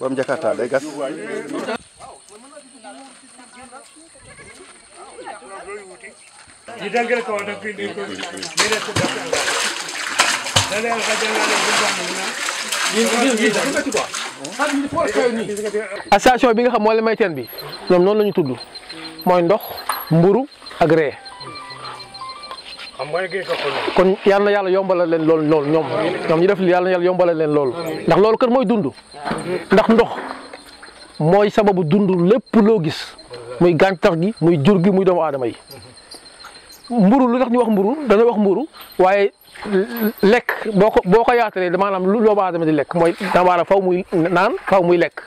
bam jakarta day gas di dangal ko nak indi ko mere station bi nga xam moo la may teen bi ñoom noonu lañuy tudd mooy ndox mburu ak ree kon yal na yàlla yombalal leen lool lool ñoom ñoom ñu def yal na yàlla yombalal leen lool ndax loolu kër mooy dund ndax ndox mooy sababu dund lépp loo gis muy gàncax gi muy jur gi muy doomu aadama yi mburu lu tax ñu wax mburu dañoo wax mburu waaye lekk boo ko boo ko yaatalee maanaam lu doomu di lekk mooy damaa faw muy naan faw muy lekk.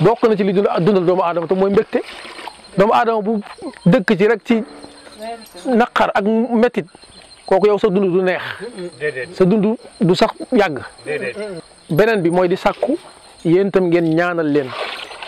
bokk na ci li dundal doomu aadama te mooy mbégte doomu aadama bu dëkk ci rek ci naqar ak mettit kooku yow sa dund du neex. sa dund du sax yàgg. beneen bi mooy di sàkku yéen itam ngeen ñaanal leen.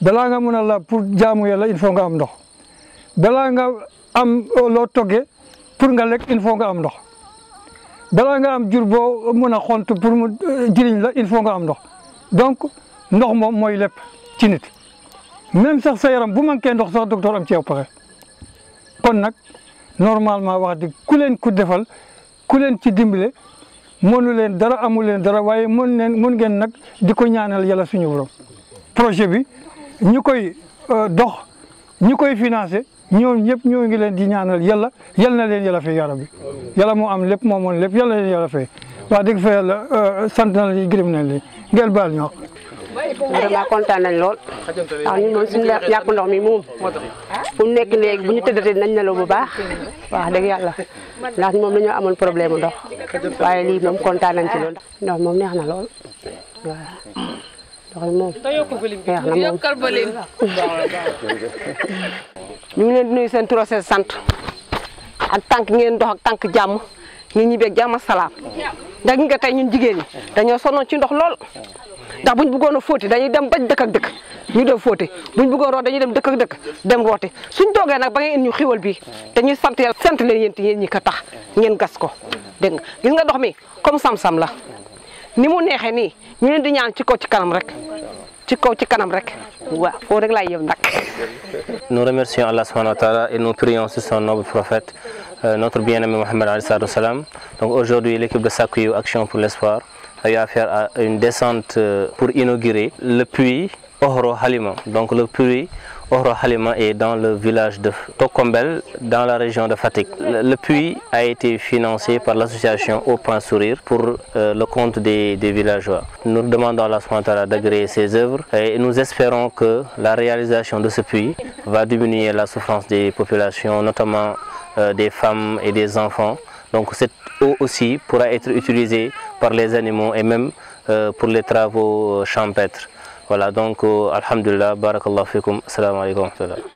balaa nga mën a laa pour jaamu yàlla il faut nga am ndox balaa nga am loo toggee pour nga lekk il nga am ndox balaa nga am jur boo mën a xont pour mu euh, jëriñ la il faut nga am ndox donc ndox moom mooy lépp ci nit même sax sa yaram bu manqué ndox sax docteur am ci yow pexe kon nag normalement wax di ku leen ku defal ku leen ci dimbale mënu leen dara amu leen dara waaye mën leen mun ngeen nag di ko ñaanal yàlla suñu borom projet bi ñu koy euh, dox ñu koy financé ñoom ñëpp ñoo ngi leen di ñaanal yàlla yal na leen yàlla fay yàlla bi yàlla moo am lépp moo moon lépp yal na leen yàlla fay wax dëgg fa yàlla euh, sant na leen gërëm na leen ngeen baal ñu wax. vraiment kontaan nañ lool waaw ah, ñun ndox mi moom fu nekk léegi bu ñu tëddatee nañ nelaw bu baax waa dëgg yàlla ndax moom dañoo amoon problème ndox waaye lii moom kontaan nañ ci lool ndox moom neex na lool doxal moom neex na moom ñu ngi leen di nuyu seen sant ak tànk ngeen dox ak tànk jàmm ñu ñibbeeg jàmm salaam ndax nga tey ñun jigéen ñi dañoo sonoon ci ndox lool ndax buñ bëggoon a fóoti dañuy dem ba dëkk ak dëkk ñu dem fóoti buñ bëggoon root dañuy dem dëkk ak dëkk dem rooti suñ toogee nag ba ngeen ñu xiwal bii te ñuy sant yàlla sant leen yéen ñi ka tax ngeen gas ko dégg nga gis nga ndox mi comme sam-sam la ni mu neexee nii ñu leen di ñaan ci ko ci kanam rek ci ko ci kanam rek wa foofu rek laay yem nak Nous remercions Allah subhanahu wa ta'ala et nous prions sur son noble prophète euh, notre bien-aimé Mohamed alayhi wa sallam Donc aujourd'hui l'équipe de Sakuyu Action pour l'espoir a eu affaire à une descente euh, pour inaugurer le puits Ohro Halima. Donc le puits Ohro Halima est dans le village de Tokombel, dans la région de Fatik. Le, puits a été financé par l'association Au Point Sourire pour euh, le compte des, villageois. Nous demandons à la Sointara d'agréer ses œuvres et nous espérons que la réalisation de ce puits va diminuer la souffrance des populations, notamment euh, des femmes et des enfants. Donc cette eau aussi pourra être utilisée par les animaux et même euh, pour les travaux champêtres. Voilà, donc, euh, Alhamdulillah, Barakallah Fikum, Assalamu alaikum.